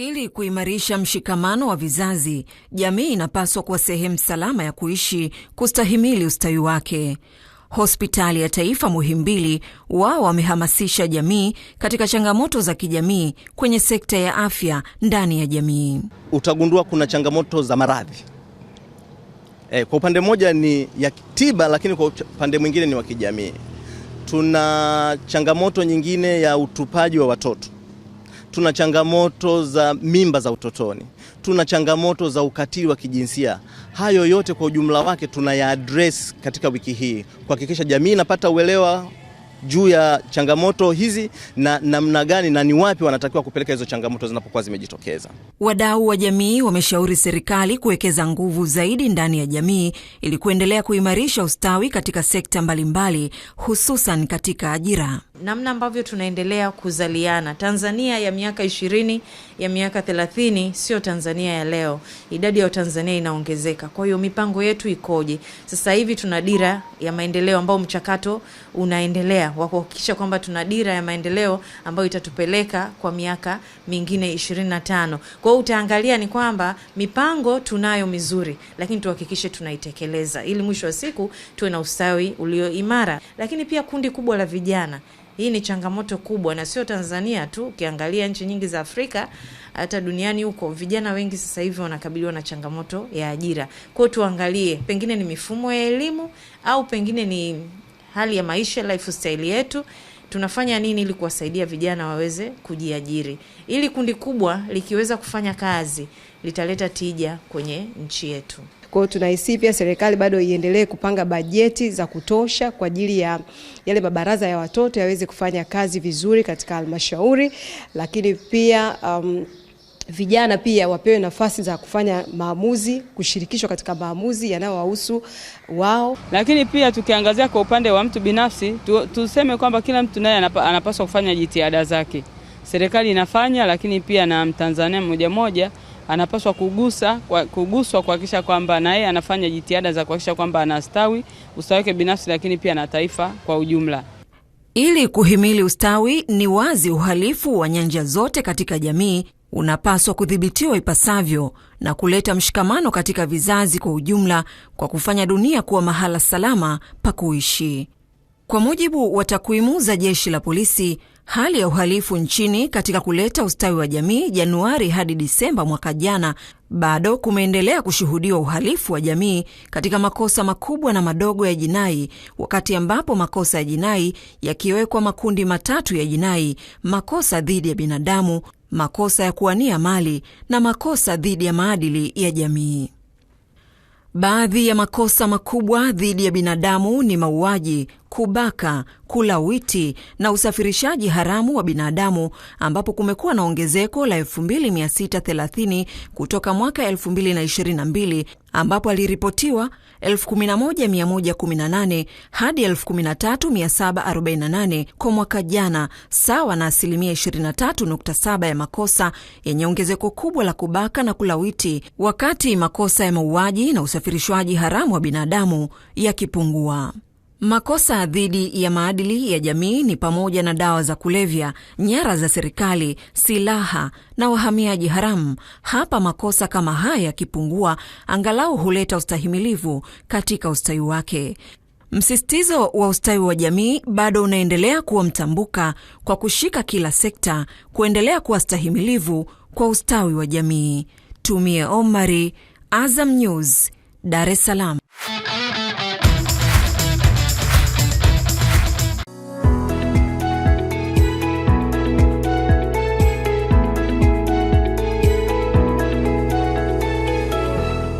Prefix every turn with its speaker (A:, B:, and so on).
A: Ili kuimarisha mshikamano wa vizazi, jamii inapaswa kuwa sehemu salama ya kuishi, kustahimili ustawi wake. Hospitali ya Taifa Muhimbili wao wamehamasisha jamii katika changamoto za kijamii kwenye sekta ya afya ndani ya jamii.
B: Utagundua kuna changamoto za maradhi e, kwa upande mmoja ni ya tiba, lakini kwa upande mwingine ni wa kijamii. Tuna changamoto nyingine ya utupaji wa watoto tuna changamoto za mimba za utotoni, tuna changamoto za ukatili wa kijinsia. Hayo yote kwa ujumla wake tunaya address katika wiki hii kuhakikisha jamii inapata uelewa juu ya changamoto hizi na namna gani na ni wapi wanatakiwa kupeleka hizo changamoto zinapokuwa zimejitokeza.
A: Wadau wa jamii wameshauri serikali kuwekeza nguvu zaidi ndani ya jamii ili kuendelea kuimarisha ustawi katika sekta mbalimbali, hususan katika ajira.
C: Namna ambavyo tunaendelea kuzaliana, Tanzania ya miaka ishirini, ya miaka thelathini sio Tanzania ya leo. Idadi ya Watanzania inaongezeka, kwa hiyo mipango yetu ikoje? Sasa hivi tuna dira ya maendeleo ambayo mchakato unaendelea wa kuhakikisha kwamba tuna dira ya maendeleo ambayo itatupeleka kwa miaka mingine 25. Kwa hiyo utaangalia ni kwamba mipango tunayo mizuri, lakini tuhakikishe tunaitekeleza ili mwisho wa siku tuwe na ustawi ulio imara. Lakini pia kundi kubwa la vijana hii ni changamoto kubwa, na sio Tanzania tu. Ukiangalia nchi nyingi za Afrika, hata duniani huko, vijana wengi sasa hivi wanakabiliwa na changamoto ya ajira. Kwa hiyo tuangalie, pengine ni mifumo ya elimu au pengine ni hali ya maisha, lifestyle yetu, tunafanya nini ili kuwasaidia vijana waweze kujiajiri. Ili kundi kubwa likiweza kufanya kazi litaleta tija kwenye nchi yetu.
D: Kwa hiyo tunahisi pia serikali bado iendelee kupanga bajeti za kutosha kwa ajili ya yale mabaraza ya watoto yaweze kufanya kazi vizuri katika halmashauri, lakini pia um, vijana pia wapewe nafasi za kufanya maamuzi, kushirikishwa katika maamuzi yanayowahusu wao.
E: Lakini pia tukiangazia kwa upande wa mtu binafsi tu, tuseme kwamba kila mtu naye anapaswa kufanya jitihada zake. Serikali inafanya, lakini pia na Mtanzania mmoja mmoja anapaswa kugusa kuguswa kuhakikisha kwamba naye anafanya jitihada za kuhakikisha kwamba anastawi ustawi wake binafsi, lakini pia na taifa kwa ujumla.
A: Ili kuhimili ustawi, ni wazi uhalifu wa nyanja zote katika jamii unapaswa kudhibitiwa ipasavyo na kuleta mshikamano katika vizazi kwa ujumla kwa kufanya dunia kuwa mahala salama pa kuishi. Kwa mujibu wa takwimu za jeshi la polisi, hali ya uhalifu nchini katika kuleta ustawi wa jamii Januari hadi Disemba mwaka jana, bado kumeendelea kushuhudiwa uhalifu wa jamii katika makosa makubwa na madogo ya jinai, wakati ambapo makosa ya jinai yakiwekwa makundi matatu ya jinai: makosa dhidi ya binadamu, makosa ya kuwania mali na makosa dhidi ya maadili ya jamii. Baadhi ya makosa makubwa dhidi ya binadamu ni mauaji, kubaka, kulawiti na usafirishaji haramu wa binadamu ambapo kumekuwa na ongezeko la 2630 kutoka mwaka 2022 ambapo aliripotiwa 11118 hadi 13748 kwa mwaka jana, sawa na asilimia 23.7 ya makosa yenye ongezeko kubwa la kubaka na kulawiti, wakati makosa ya mauaji na usafirishwaji haramu wa binadamu yakipungua. Makosa dhidi ya maadili ya jamii ni pamoja na dawa za kulevya, nyara za serikali, silaha na wahamiaji haramu. Hapa makosa kama haya yakipungua, angalau huleta ustahimilivu katika ustawi wake. Msisitizo wa ustawi wa jamii bado unaendelea kuwa mtambuka kwa kushika kila sekta, kuendelea kuwa stahimilivu kwa ustawi wa jamii. Tumie Omari, Azam News, Dar es Salaam.